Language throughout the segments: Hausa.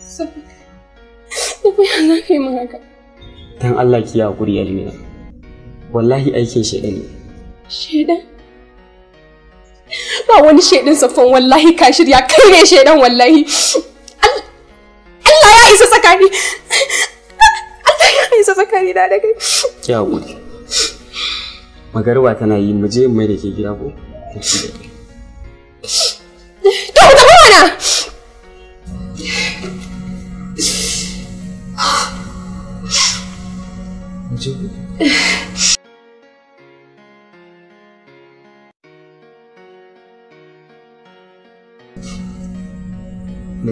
Da kuma za kai yi haka. Dan Allah ki haƙuri Elmina. Wallahi aikin shaidan ne. Shaidan? Ba wani shaidan safon wallahi ka shirya kai ne shaidan wallahi. Allah ya isa tsakani. Allah ya isa tsakani da kai. Ki haƙuri. Magarba tana yi mu je mai da ke gida ko? To, ta mana! Naje. Ba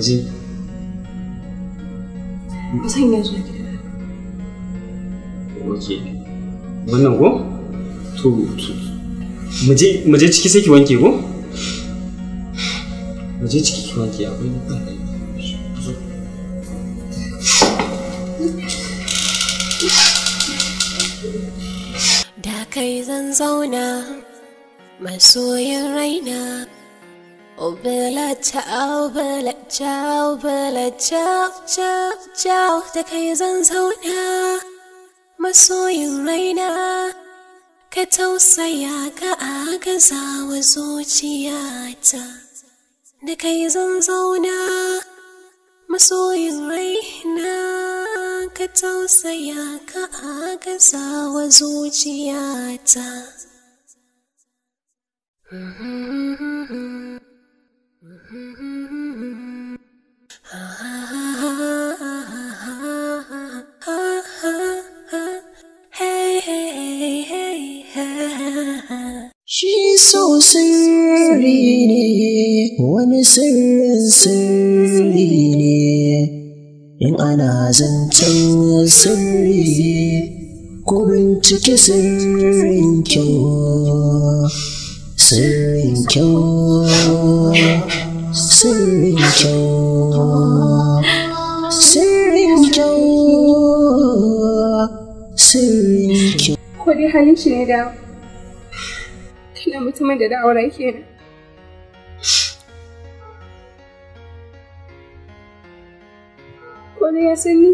zan iya zuwa gida. Oke. ki wanke ko? Mu je ciki ki wanke kai zan zauna masoyin raina Obela oh, ciao, bela ciao, bela ciao, ciao, ciao Da kai zan zauna masoyin raina Ka tausaya ka wa zuciyata Da kai zan zauna masoyin raina tausaya ka agaza wa zuciyata Shi so sirri ne, wani sirrin sirri ne. in ana zancen sirri ko bincike sirrin kyau sirrin kyau sirrin kyau sirrin kyau sirrin kyau ko dai halin shi ne da tana mutumin da da'aura kenan ko ne ya san ni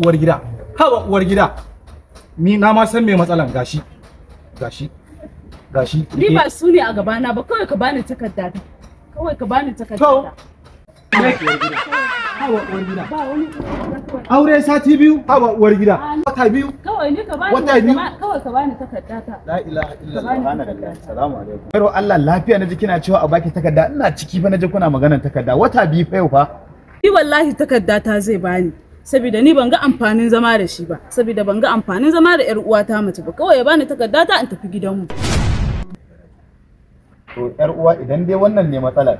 uwar gida, hawa uwar gida, ni na ma san me matsalan gashi, gashi, gashi. Ni ba su ne a gabana ba kawai ka bani takarda kawai ka bani takarda ta. aure sati biyu hawa uwar gida wata biyu kawai ni ka bani wata biyu kawai ka bani takarda ta la ilaha illallah assalamu alaikum karo Allah lafiya na jikina cewa a baki takarda ina ciki fa naji kuna maganar takarda wata biyu fa yau fa ni wallahi takarda ta zai bani saboda ni ban ga amfanin zama da shi ba saboda ban ga amfanin zama da yar uwata mace ba kawai ya bani takarda ta in tafi gidanmu to yar uwa idan dai wannan ne matsalar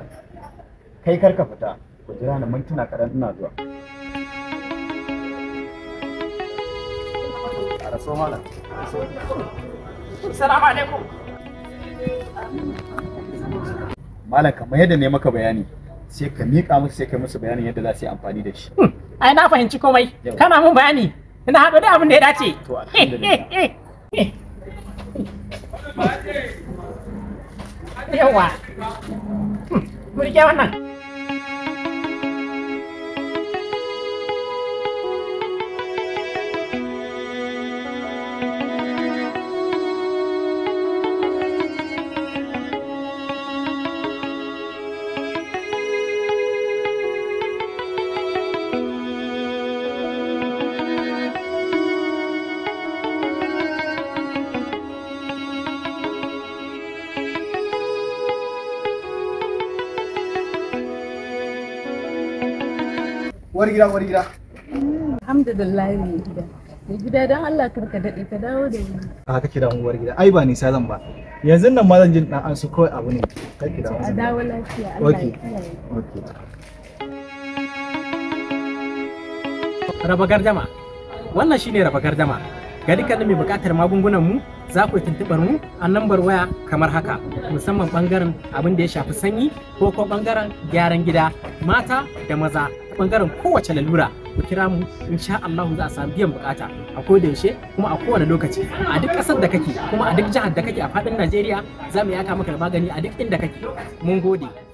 kai karka fita ku jira ni mintuna kaɗan ina zuwa raso malam salamu alaikum malam kamar yadda ne maka bayani sai ka miƙa musu sai ka musu bayanin yadda za su yi amfani da shi hmm. ai na fahimci komai kana mun bayani ina haɗu da abin da ya dace to alhamdulillah eh, eh, eh, yawa hmm. mu wannan war gida, war gida. Alhamdulillah mai gida. Mai gida don Allah karka daɗe ka dawo da wuri. A kira mu uwar gida. Ai ba nisa zan ba. Yanzu nan ma zan jin ɗan su kawai abu ne. Kake da A dawo lafiya. Allah ya kiyaye. Okay. Raba gardama. Wannan shine raba gardama. Ga dukkanin mai buƙatar magungunan mu za ku tuntuɓar mu a lambar waya kamar haka musamman bangaren abin da ya shafi sanyi ko ko ɓangaren gyaran gida mata da maza bangaren kowace lalura ku kira mu insha Allah za a samu biyan bukata a koda yaushe kuma a kowane lokaci a duk ƙasar da kake kuma a duk jihar da kake a faɗin Najeriya za mu yaka maka da magani a duk inda kake mun gode